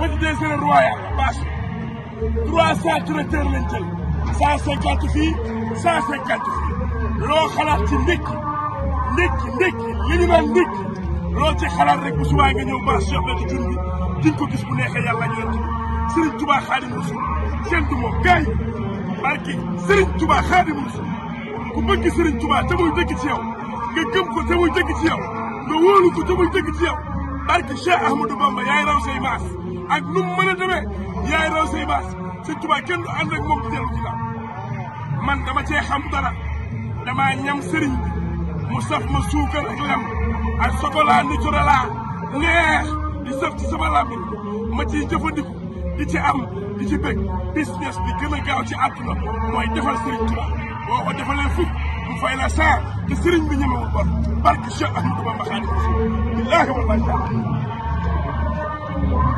ba ci deuxième royal bâche trois cent tracteurs lañ jël cent cinquante fii cent cinquante fii loo xalaat ci ndékki ndékki ndékki li ñu naan ndékki loo ci xalaat rek bu subaa nga ñëw bâche jox la ci jur bu neexee yàlla ñu yonent bi Serigne Touba Khadim Rasoul kenn du moom gaay barki Serigne Touba ku bëgg Serigne Touba te muy dëgg ci ko te muy dëgg ci ko te muy dëgg ci yow barki Cheikh Bamba yaay raw say ak nu mu a demee yaay raw say baas sëñ kenn du ànd ak moom di dellu ginnaaw man dama cee xam dara damaa ñam sëriñ bi mu saf ma suukar ak lem ak chocolat naturel neex di saf ci sama làmmiñ ma ciy jëfandiku di ci am di ci bëgg business bi gën a gaaw ci àdduna mooy defal sëriñ Tuubaa boo ko defalee fukk mu fay la saar te sëriñ bi ñemewul bor barke Cheikh Ahmadou Bamba Xaadimu Rasuul billaahi wallaahi taala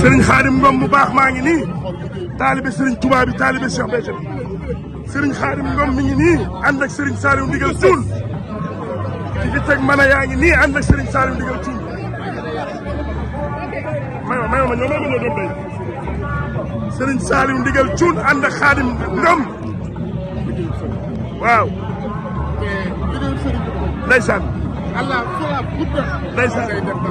sëriñ Xaadim Ngom bu baax maa ngi nii taalibe sëriñ Tuubaa bi taalibe Cheikh Béthio Xaadim Ngom mi ngi nii ànd ak sëriñ Saliou Ndigal Thioune ki fi teg yaa ngi nii ànd ak sëriñ Saliou Ndigal Thioune maywa maywa ma ñoo mayma ñoo doon day sëriñ Saliou Ndigal Xaadim Ngom waaw ndeysaan allah fala gudda li mu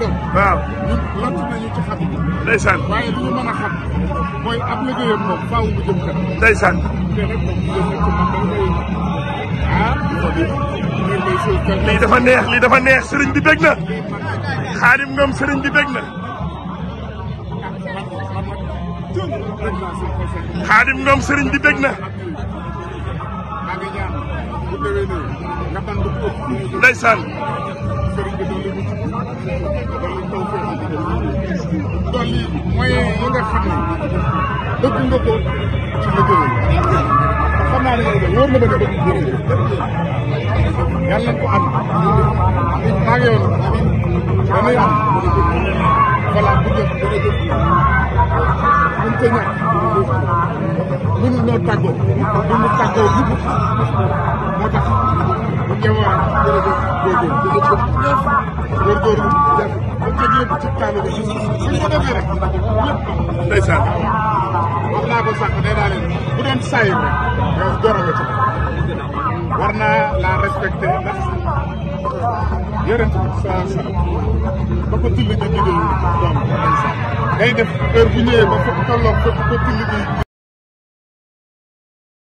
doon li ñu mën a xam mooy ab liggéeyam moom dafa neex sëriñ bi bég na xaadim ngam sëriñ bi bég na xaadim ngam sëriñ bi bég na ndeysaan tool yi mooy yi nga xam ne bëgg nga ko ci la gërëm xam naa ne wóor na ba nga bëgg yàlla ko am maa ngi yoon danay am voilà bu jëm duñ ko ñàkk mënuñ noo tàggoo mënuñ tàggoo dugg moo tax bu ñëwoon jërëjëf góorgóorlu góorgóorlu jàpp ba teg lépp ci taanu bi suñ ko defee rek lépp ndeysaan wax naa ko sànq nee naa leen bu doon saay rek yow goro nga ci war naa laa respecté ndax yonent bi saa salaam ba ko tulli di liggéey doom day def heure bu ñëwee ba ko tolloo ba ko tulli di